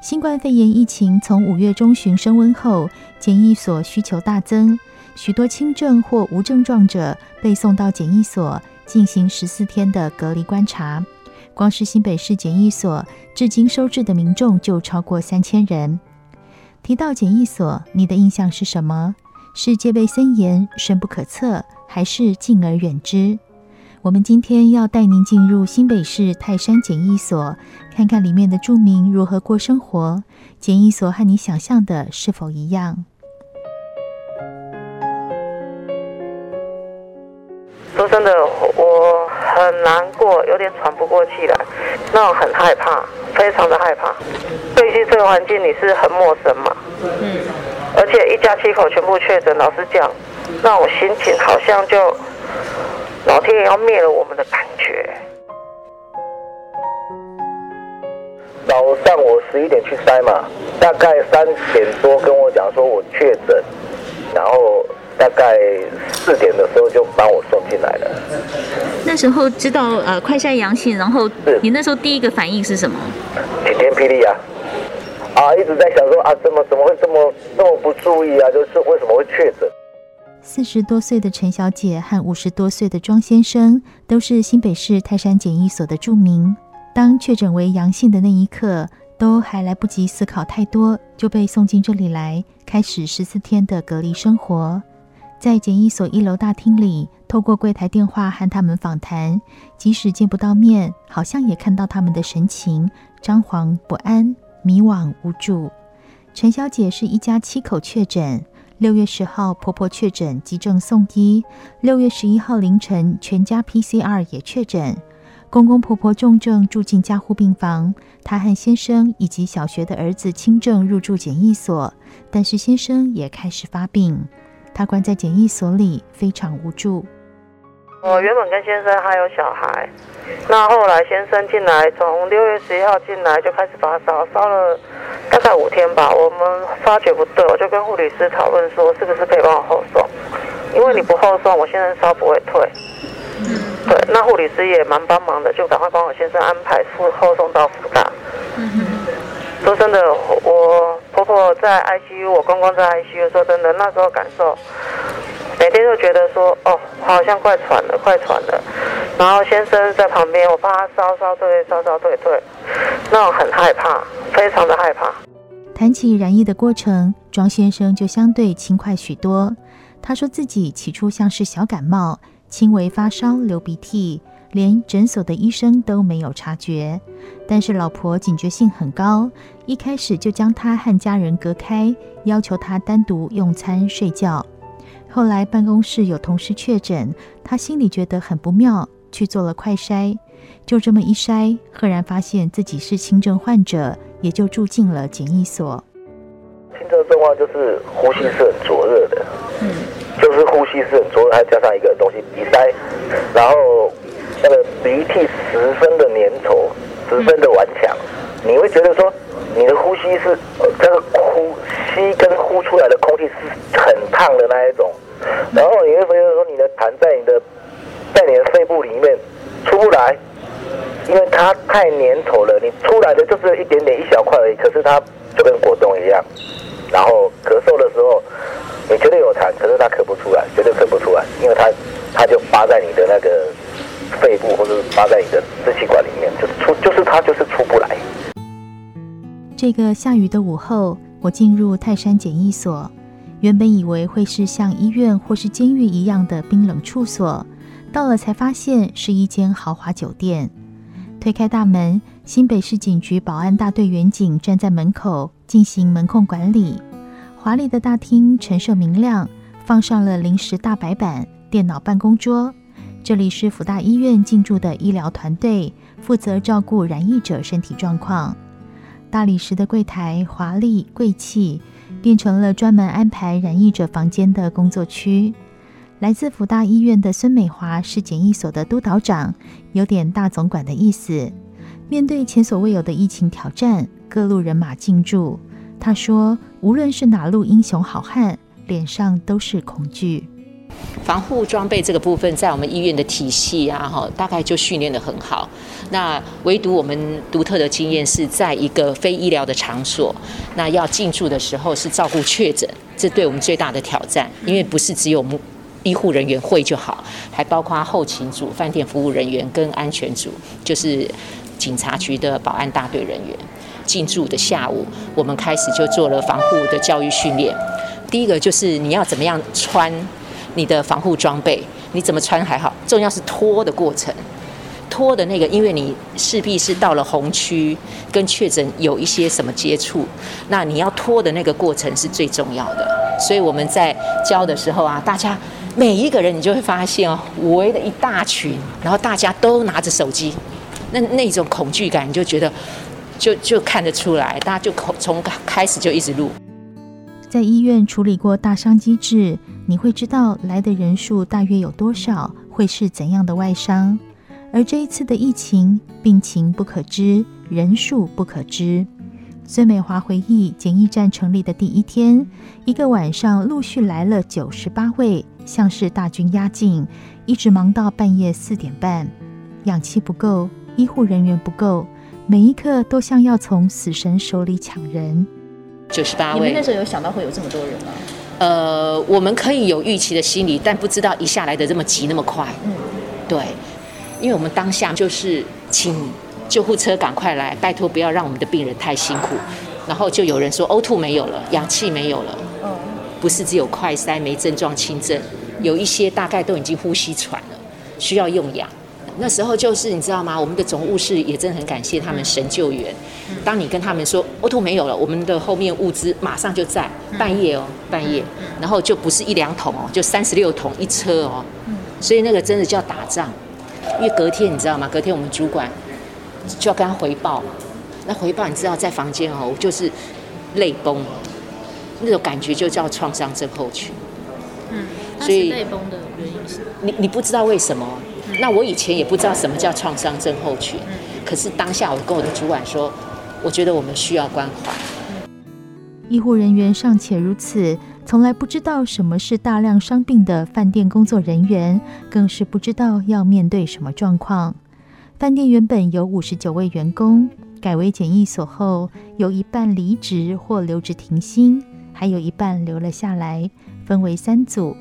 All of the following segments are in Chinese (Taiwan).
新冠肺炎疫情從五月中旬升溫後，檢疫所需求大增，許多輕症或無症狀者被送到檢疫所進行十四天的隔離觀察。光是新北市檢疫所，至今收治的民眾就超過三千人。提到檢疫所，你的印象是什麼？是戒備森嚴、深不可測，還是敬而遠之？我們今天要帶您進入新北市泰山檢疫所，看看裡面的住民如何過生活。檢疫所和你想象的是否一樣？說真的，我很難過，有點喘不過氣來，那我很害怕，非常的害怕。最近這個環境你是很陌生嘛，嗯。而且一家七口全部確診，老實講，那我心情好像就……老天爺要滅了我們的感覺。早上我十一點去篩嘛，大概三點多跟我講說我確診，然後大概四點的時候就把我送進來了。那時候知道呃快篩陽性，然後你那時候第一個反應是什麼？晴天霹靂啊啊，一直在想說啊，怎麼怎麼會這麼那麼不注意啊？就是為什麼會確診？四十多歲的陳小姐和五十多歲的莊先生都是新北市泰山檢疫所的住民。當確診為陽性的那一刻，都還來不及思考太多，就被送進這裡來，開始十四天的隔離生活。在檢疫所一樓大廳裡，透過櫃檯電話和他們訪談，即使見不到面，好像也看到他們的神情張皇、不安、迷惘、無助。陳小姐是一家七口確診。六月十號，婆婆確診急症送醫。六月十一號凌晨，全家 PCR 也確診。公公婆婆重症住進加護病房，她和先生以及小學的兒子輕症入住檢疫所。但是先生也開始發病，他關在檢疫所裡非常無助。我原本跟先生還有小孩，那後來先生進來，從六月十一號進來就開始發燒，燒了大概五天吧。我們發覺不對，我就跟護理師討論說，是不是可以幫我後送？因為你不後送，我先生燒不會退。對。那護理師也蠻幫忙的，就趕快幫我先生安排後送到福大。說真的，我婆婆在 ICU，我公公在 ICU，說真的，那時候感受。接就覺得說，哦，好像快喘了，快喘了。然後先生在旁邊，我怕他稍稍對，稍稍對，對，對。那我很害怕，非常的害怕。談起染疫的過程，莊先生就相對輕快許多。他說自己起初像是小感冒，輕微發燒、流鼻涕，連診所的醫生都沒有察覺。但是老婆警覺性很高，一開始就將他和家人隔開，要求他單獨用餐、睡覺。後來辦公室有同事確診，他心裡覺得很不妙，去做了快篩，就這麼一篩，赫然發現自己是輕症患者，也就住進了檢疫所。輕症症狀就是呼吸是很灼熱的，嗯，就是呼吸是很灼熱，還加上一個東西鼻塞，然後那個鼻涕十分的粘稠，十分的頑強。你會覺得說，你的呼吸是、呃、這個呼吸跟呼出來的空氣是很燙的那一種，然後你會覺得說你的痰在你的在你的肺部裡面出不來，因為它太粘稠了，你出來的就是一點點一小塊而已，可是它就跟果凍一樣。然後咳嗽的時候，你絕對有痰，可是它咳不出來，絕對咳不出來，因為它它就扒在你的那個肺部或者扒在你的支氣管裡面，就是出就是它就是出不來。這個下雨的午後，我進入泰山檢疫所。原本以為會是像醫院或是監獄一樣的冰冷處所，到了才發現是一間豪華酒店。推開大門，新北市警局保安大隊員警站在門口進行門控管理。華麗的大廳，陳設明亮，放上了臨時大白板、電腦辦公桌。這裡是輔大醫院進駐的醫療團隊，負責照顧染疫者身體狀況。大理石的櫃檯華麗貴氣，變成了專門安排染疫者房間的工作區。來自輔大醫院的孫美華是檢疫所的督導長，有點大總管的意思。面對前所未有的疫情挑戰，各路人馬進駐。他說：“無論是哪路英雄好漢，臉上都是恐懼。”防護裝備這個部分，在我們醫院的體系啊，哈，大概就訓練得很好。那唯獨我們獨特的經驗是在一個非醫療的場所，那要進駐的時候是照顧確診，這對我們最大的挑戰，因為不是只有醫護人員會就好，還包括後勤組、飯店服務人員跟安全組，就是警察局的保安大隊人員。進駐的下午，我們開始就做了防護的教育訓練。第一個就是你要怎麼樣穿。你的防護裝備你怎麼穿還好，重要是脫的過程，脫的那個，因為你勢必是到了紅區跟確診有一些什麼接觸，那你要脫的那個過程是最重要的。所以我們在教的時候啊，大家每一個人你就會發現哦，圍了一大群，然後大家都拿着手機，那那種恐懼感你就覺得，就就看得出來，大家就從開始就一直錄。在醫院處理過大傷機制，你會知道來的人數大約有多少，會是怎樣的外傷。而這一次的疫情，病情不可知，人數不可知。孫美華回憶檢疫站成立的第一天，一個晚上陸續來了九十八位，像是大軍壓境，一直忙到半夜四點半。氧氣不夠，醫護人員不夠，每一刻都像要從死神手裡搶人。九十八位，你們那時候有想到會有這麼多人嗎？呃，我們可以有預期的心理，但不知道一下來得這麼急，那麼快。嗯、對，因為我們當下就是請救護車趕快來，拜託不要讓我們的病人太辛苦。啊、然後就有人說 O two 沒有了，氧氣沒有了。嗯、不是只有快篩，沒症狀輕症，有一些大概都已經呼吸喘了，需要用氧。那時候就是你知道嗎？我們的總務室也真的很感謝他們神救援。嗯嗯、當你跟他們說我土、哦、沒有了，我們的後面物資馬上就在、嗯、半夜哦，半夜，嗯嗯、然後就不是一兩桶哦，就三十六桶一車哦。所以那個真的叫打仗，因為隔天你知道嗎？隔天我們主管就要跟他回報，那回報你知道在房間哦，就是淚崩，那種感覺就叫創傷症候群。嗯，所以淚崩的原因是？你你不知道為什麼？那我以前也不知道什麼叫創傷症候群，可是當下我跟我的主管說，我覺得我們需要關懷。醫護人員尚且如此，從來不知道什麼是大量傷病的飯店工作人員，更是不知道要面對什麼狀況。飯店原本有五十九位員工，改為檢疫所後，有一半離職或留職停薪，還有一半留了下來，分為三組：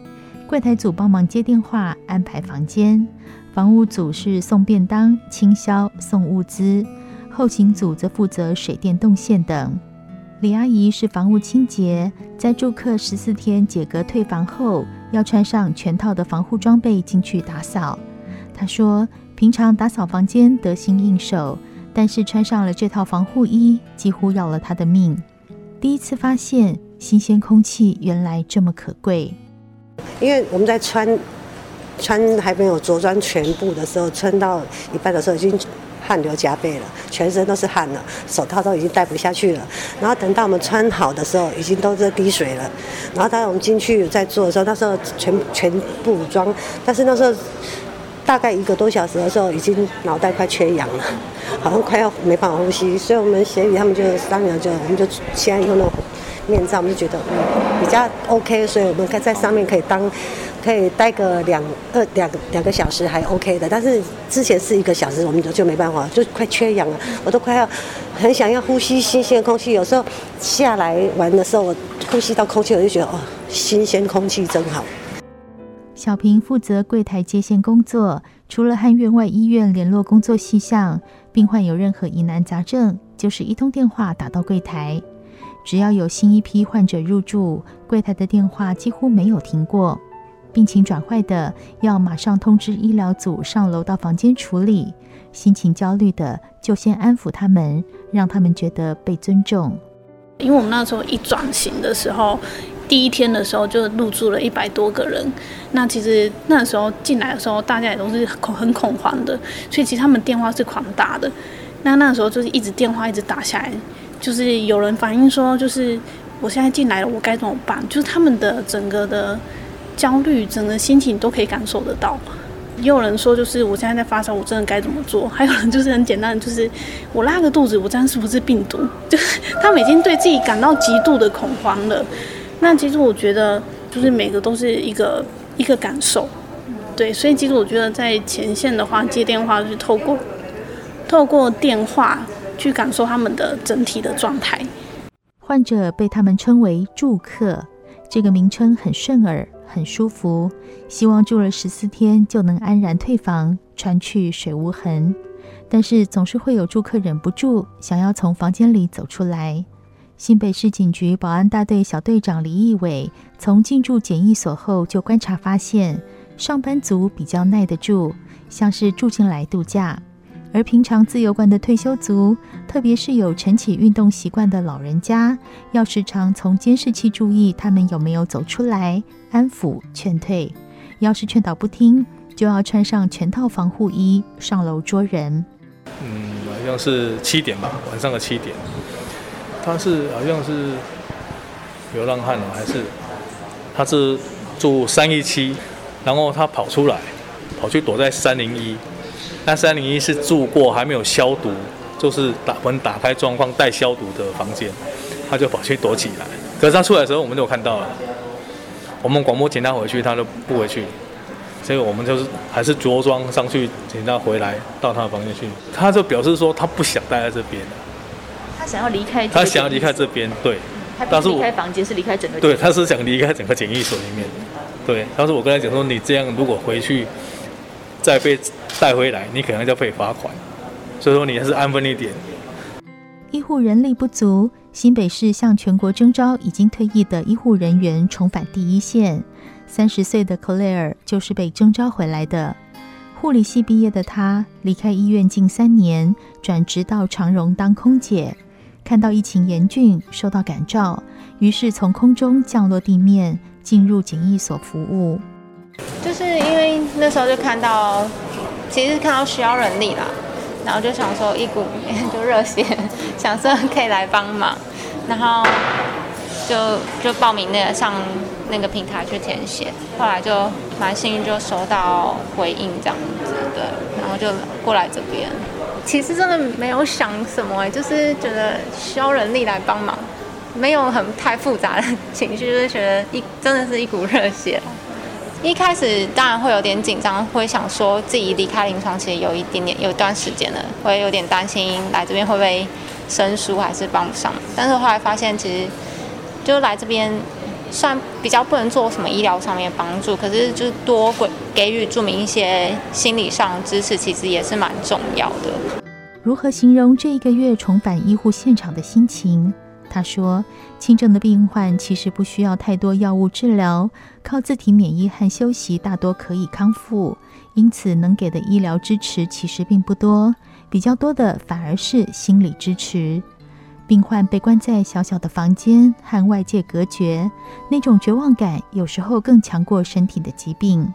櫃檯組幫忙接電話、安排房間。房務組是送便當、清消、送物資，後勤組則負責水電動線等。李阿姨是房務清潔，在住客十四天解隔退房後，要穿上全套的防護裝備進去打掃。她說：“平常打掃房間得心應手，但是穿上了這套防護衣，幾乎要了她的命。第一次發現新鮮空氣原來這麼可貴，因為我們在穿。”穿還沒有着裝全部的時候，穿到一半的時候已經汗流浹背了，全身都是汗了，手套都已經戴不下去了。然後等到我們穿好的時候，已經都在滴水了。然後當我們進去在做的時候，那時候全全部裝，但是那時候大概一個多小時的時候，已經腦袋快缺氧了，好像快要沒辦法呼吸。所以我們學姐他們就當時就我們就先用那種面罩，我們就覺得嗯比較 OK，所以我們在上面可以當。可以待個兩二兩個兩個小時還 OK 的，但是之前是一個小時，我們就就沒辦法，就快缺氧了。我都快要很想要呼吸新鮮空氣。有時候下來玩的時候，我呼吸到空氣，我就覺得哦，新鮮空氣真好。小平負責櫃檯接線工作，除了和院外醫院聯絡工作細項，病患有任何疑難雜症，就是一通電話打到櫃檯。只要有新一批患者入住，櫃檯的電話幾乎沒有停過。病情轉壞的要馬上通知醫療組上樓到房間處理，心情焦慮的就先安撫他們，讓他們覺得被尊重。因為我們那時候一轉型的時候，第一天的時候就入住了一百多個人，那其實那時候進來的時候，大家也都是恐很恐慌的，所以其實他們電話是狂打的。那那時候就是一直電話一直打下來，就是有人反映說，就是我現在進來了，我該怎麼辦？就是他們的整個的。焦慮，整個心情都可以感受得到。也有人說，就是我現在在發燒，我真的該怎麼做？還有人就是很簡單，就是我拉個肚子，我這樣是不是病毒？就是他們已經對自己感到極度的恐慌了。那其實我覺得，就是每個都是一個一個感受，對。所以其實我覺得，在前線的話，接電話是透過透過電話去感受他們的整體的狀態。患者，被他們稱為“住客”，這個名稱很順耳。很舒服，希望住了十四天就能安然退房，船去水無痕。但是總是會有住客忍不住想要從房間裡走出來。新北市警局保安大隊小隊長李奕偉從進駐檢疫所後就觀察發現，上班族比較耐得住，像是住進來度假。而平常自由慣的退休族，特別是有晨起運動習慣的老人家，要時常從監視器注意他們有沒有走出來，安撫勸退。要是勸導不聽，就要穿上全套防護衣，上樓捉人。嗯，好像是七點吧，晚上的七點。他是好像是流浪漢了還是？他是住三一七，然後他跑出來，跑去躲在三零一。那三零一是住過還沒有消毒，就是打門打開狀況待消毒的房間，他就跑去躲起來。可是他出來的時候，我們就有看到了。我們廣播請他回去，他都不回去，所以我們就是還是着裝上去，請他回來到他的房間去。他就表示說他不想待在這邊，他想要離開。他想要離開這邊，對。嗯、他不是離開房間，是離開整個。對，他是想離開整個檢疫所裡面。對，當時我跟他講說，你這樣如果回去。再被帶回來，你可能就被罰款，所以說你還是安分一點。醫護人力不足，新北市向全國徵召已經退役的醫護人員重返第一線。三十歲的 Claire 就是被徵召回來的。護理系畢業的她，離開醫院近三年，轉職到長榮當空姐，看到疫情嚴峻，受到感召，於是從空中降落地面，進入檢疫所服務。就是因為那時候就看到，其實看到需要人力啦，然後就想說一股、欸、就熱血，想說可以來幫忙，然後就就報名那個上那個平台去填寫，後來就蠻幸運就收到回應這樣子，對，然後就過來這邊。其實真的沒有想什麼、欸，就是覺得需要人力來幫忙，沒有很太複雜的情緒，就是覺得一真的是一股熱血。一開始當然會有點緊張，會想說自己離開臨床其實有一點點有一段時間了，會有點擔心來這邊會不會生疏還是幫不上。但是後來發現其實就來這邊算比較不能做什麼醫療上面幫助，可是就是多給給予住民一些心理上的支持，其實也是蠻重要的。如何形容這一個月重返醫護現場的心情？他說：“輕症的病患，其實不需要太多藥物治療，靠自體免疫和休息大多可以康復。因此，能給的醫療支持其實並不多，比較多的反而是心理支持。病患被關在小小的房間和外界隔絕，那種絕望感有時候更強過身體的疾病。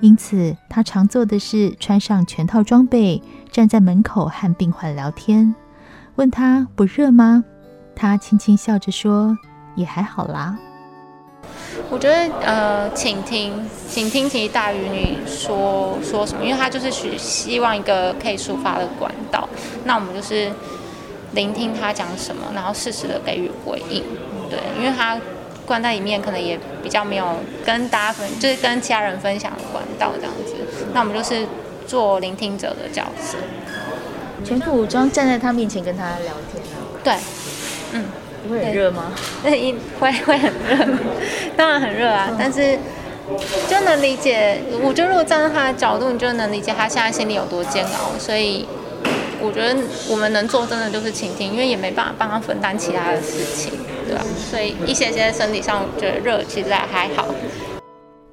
因此，他常做的是穿上全套裝備，站在門口和病患聊天，問他不熱嗎？”他輕輕笑着說：“也還好啦。”我覺得，呃，請聽，請聽，其實大魚女說說什麼，因為他就是許希望一個可以抒發的管道。那我們就是聆聽他講什麼，然後適時的給予回應，對，因為他關在裡面，可能也比較沒有跟大家分，就是跟其他人分享管道這樣子。那我們就是做聆聽者的角色，全副武裝站在他面前跟他聊天，啊，對。嗯會會，會很熱嗎？那一會會很熱，當然很熱啊。嗯、但是就能理解，我覺得如果站在他的角度，你就能理解他現在心裡有多煎熬。所以我覺得我們能做真的就是傾聽，因為也沒辦法幫他分擔其他的事情，對吧？嗯、所以一些些身體上我覺得熱，其實還好。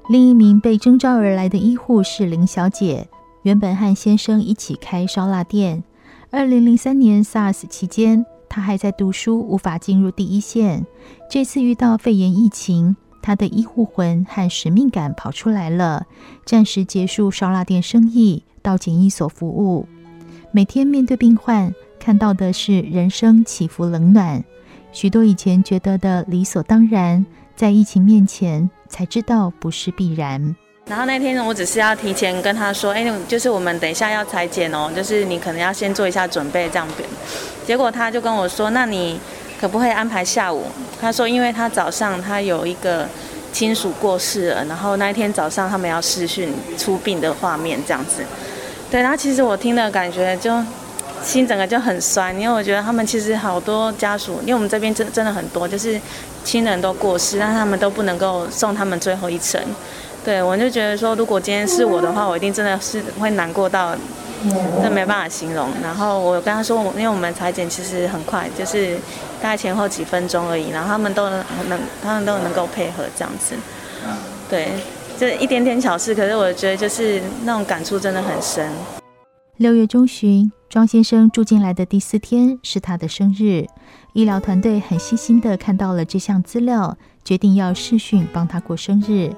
另一名被徵召而來的醫護是林小姐，原本和先生一起開燒臘店。二零零三年 SARS 期間。他還在讀書，無法進入第一線。這次遇到肺炎疫情，他的醫護魂和使命感跑出來了，暫時結束燒臘店生意，到檢疫所服務。每天面對病患，看到的是人生起伏冷暖。許多以前覺得的理所當然，在疫情面前才知道不是必然。然後那天我只是要提前跟他說，哎，就是我們等一下要裁剪哦，就是你可能要先做一下準備這樣子。結果他就跟我說，那你可不可以安排下午？他說，因為他早上他有一個親屬過世了，然後那一天早上他們要視訊出殯的畫面這樣子。對，然後其實我聽的感覺就心整個就很酸，因為我覺得他們其實好多家屬，因為我們這邊真的真的很多，就是親人都過世，但是他們都不能夠送他們最後一程。對，我就覺得說，如果今天是我的話，我一定真的是會難過到，嗯，這沒辦法形容。然後我跟他說，因為我們採檢其實很快，就是大概前後幾分鐘而已。然後他們都能，他們都能夠配合這樣子。對，這一點點小事，可是我覺得就是那種感觸真的很深。六月中旬，莊先生住進來的第四天是他的生日，醫療團隊很細心地看到了這項資料，決定要視訊幫他過生日。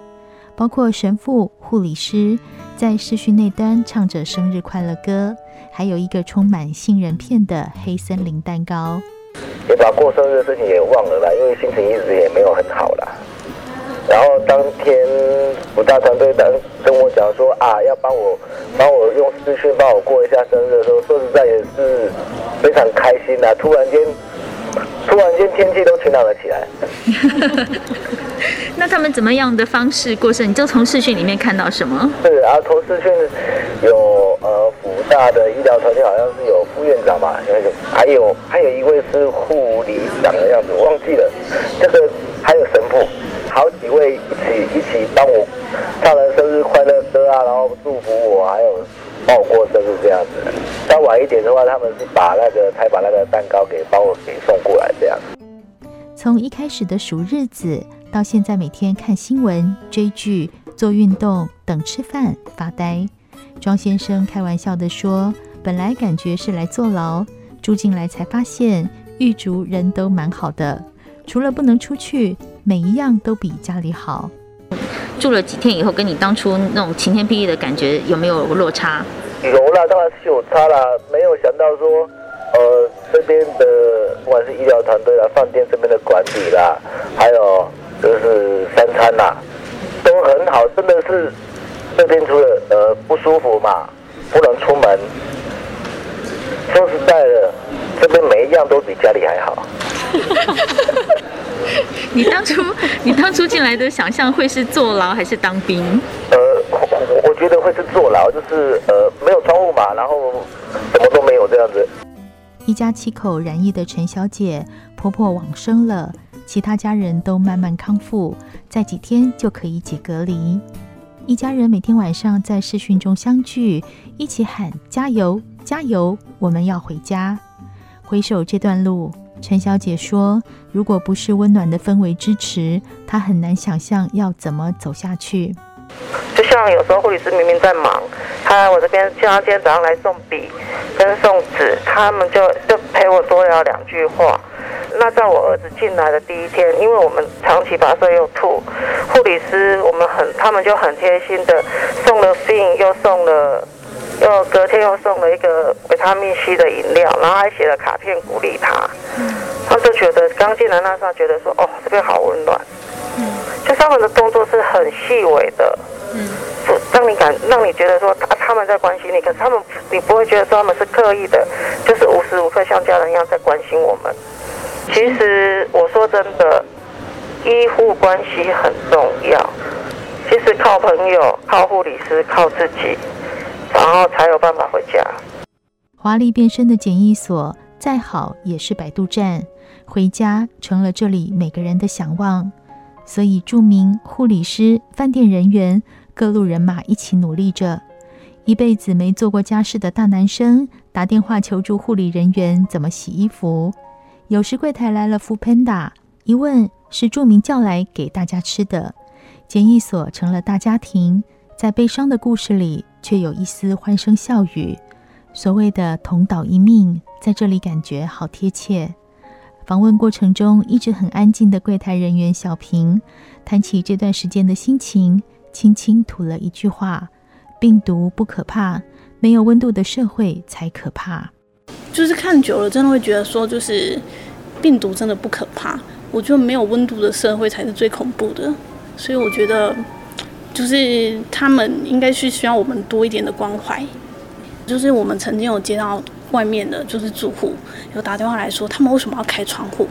包括神父、護理師在視訊內單唱着生日快樂歌，還有一個充滿杏仁片的黑森林蛋糕。也把過生日的事情也忘了啦，因為心情一直也沒有很好啦。然後當天輔大團隊跟跟我講說啊，要幫我幫我用視訊幫我過一下生日的時候，說實在也是非常開心啦。突然間，突然間天氣都晴朗了起來。 那他們怎麼樣的方式過生？你就從視訊裡面看到什麼？對啊，從視訊有呃，福大的醫療團隊好像是有副院長吧，還有還有一位是護理長的樣子，我忘記了。這個還有神父，好幾位一起一起幫我唱了生日快樂歌啊，然後祝福我，還有幫我過生日這樣子。再晚一點的話，他們是把那個才把那個蛋糕給幫我給送過來這樣子。從一開始的數日子。到現在每天看新聞、追劇、做運動、等吃飯、發呆。莊先生開玩笑的說：“本來感覺是來坐牢，住進來才發現獄卒人都蠻好的，除了不能出去，每一樣都比家裡好。”住了幾天以後，跟你當初那種晴天霹靂的感覺有沒有落差？有啦，當然是有差啦。沒有想到說，呃，這邊的不管是醫療團隊啊，飯店這邊的管理啦，還有。就是三餐吶、啊，都很好，真的是這邊除了呃不舒服嘛，不能出門說實在的，這邊每一樣都比家裡還好。 你當初你當初進來的想象會是坐牢還是當兵？呃，我我覺得會是坐牢，就是呃沒有窗戶嘛，然後什麼都沒有這樣子。一家七口染疫的陳小姐，婆婆往生了。其他家人都慢慢康復，再幾天就可以一起隔離。一家人每天晚上在視訊中相聚，一起喊加油，加油！我們要回家。回首這段路，陳小姐說：“如果不是溫暖的氛圍支持，她很難想象要怎麼走下去。”就像有時候護理師明明在忙，他來我這邊叫他今天早上來送筆跟送紙，他們就就陪我多聊兩句話。那在我兒子進來的第一天，因為我們長期發燒又吐，護理師我們很，他們就很貼心的送了病，又送了，又隔天又送了一個維他命 C 的飲料，然後還寫了卡片鼓勵他。他就覺得剛進來那時候覺得說哦，這邊好溫暖，嗯、就他們的動作是很細微的，讓你感讓你覺得說他，他們在關心你，可是他們你不會覺得說他們是刻意的，就是無時無刻像家人一樣在關心我們。其實我說真的，醫護關係很重要。就是靠朋友、靠護理師、靠自己，然後才有辦法回家。華麗變身的檢疫所，再好也是擺渡站。回家成了這裡每個人的嚮往，所以著名護理師、飯店人員、各路人馬一起努力着。一輩子沒做過家事的大男生，打電話求助護理人員怎麼洗衣服。有時櫃檯來了 foodpanda，一問是著名叫來給大家吃的。檢疫所成了大家庭，在悲傷的故事裡卻有一絲歡聲笑語。所謂的同島一命，在這裡感覺好貼切。訪問過程中一直很安靜的櫃檯人員小平，談起這段時間的心情，輕輕吐了一句話：“病毒不可怕，沒有溫度的社會才可怕。”就是看久了，真的會覺得說，就是病毒真的不可怕。我覺得沒有溫度的社會才是最恐怖的。所以我覺得，就是他們應該是需要我們多一點的關懷。就是我們曾經有接到外面的，就是住戶有打電話來說，他們為什麼要開窗戶？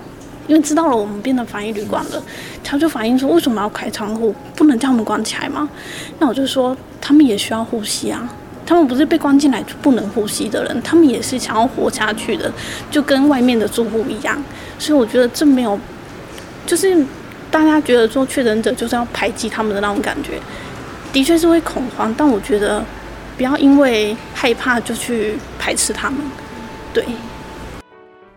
因為知道了我們變成防疫旅館了，他就反映說，為什麼要開窗戶？不能叫他們關起來嗎？那我就說，他們也需要呼吸啊。他們不是被關進來就不能呼吸的人，他們也是想要活下去的，就跟外面的住戶一樣。所以我覺得這沒有，就是大家覺得說確診者就是要排擠他們的那種感覺，的確是會恐慌，但我覺得不要因為害怕就去排斥他們。對，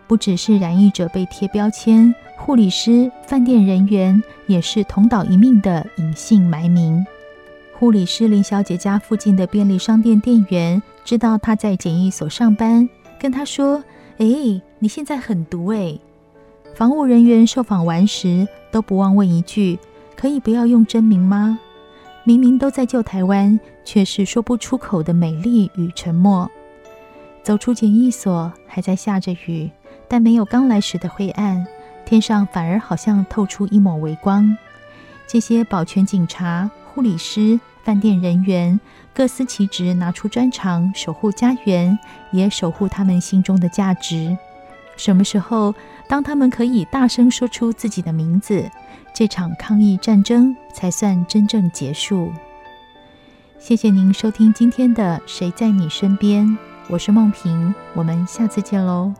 不只是染疫者被貼標籤，護理師、飯店人員也是同島一命的隱姓埋名。護理師林小姐家附近的便利商店店員知道她在檢疫所上班，跟她說：“哎，你現在很毒哎。”防護人員受訪完時都不忘問一句：“可以不要用真名嗎？”明明都在救台灣，卻是說不出口的美麗與沉默。走出檢疫所，還在下着雨，但沒有剛來時的灰暗，天上反而好像透出一抹微光。這些保全警察、護理師。飯店人員各司其職，拿出專長守護家園，也守護他們心中的價值。什麼時候，當他們可以大聲說出自己的名字，這場抗疫戰爭才算真正結束？謝謝您收聽今天的《誰在你身邊》，我是孟平，我們下次見嘍。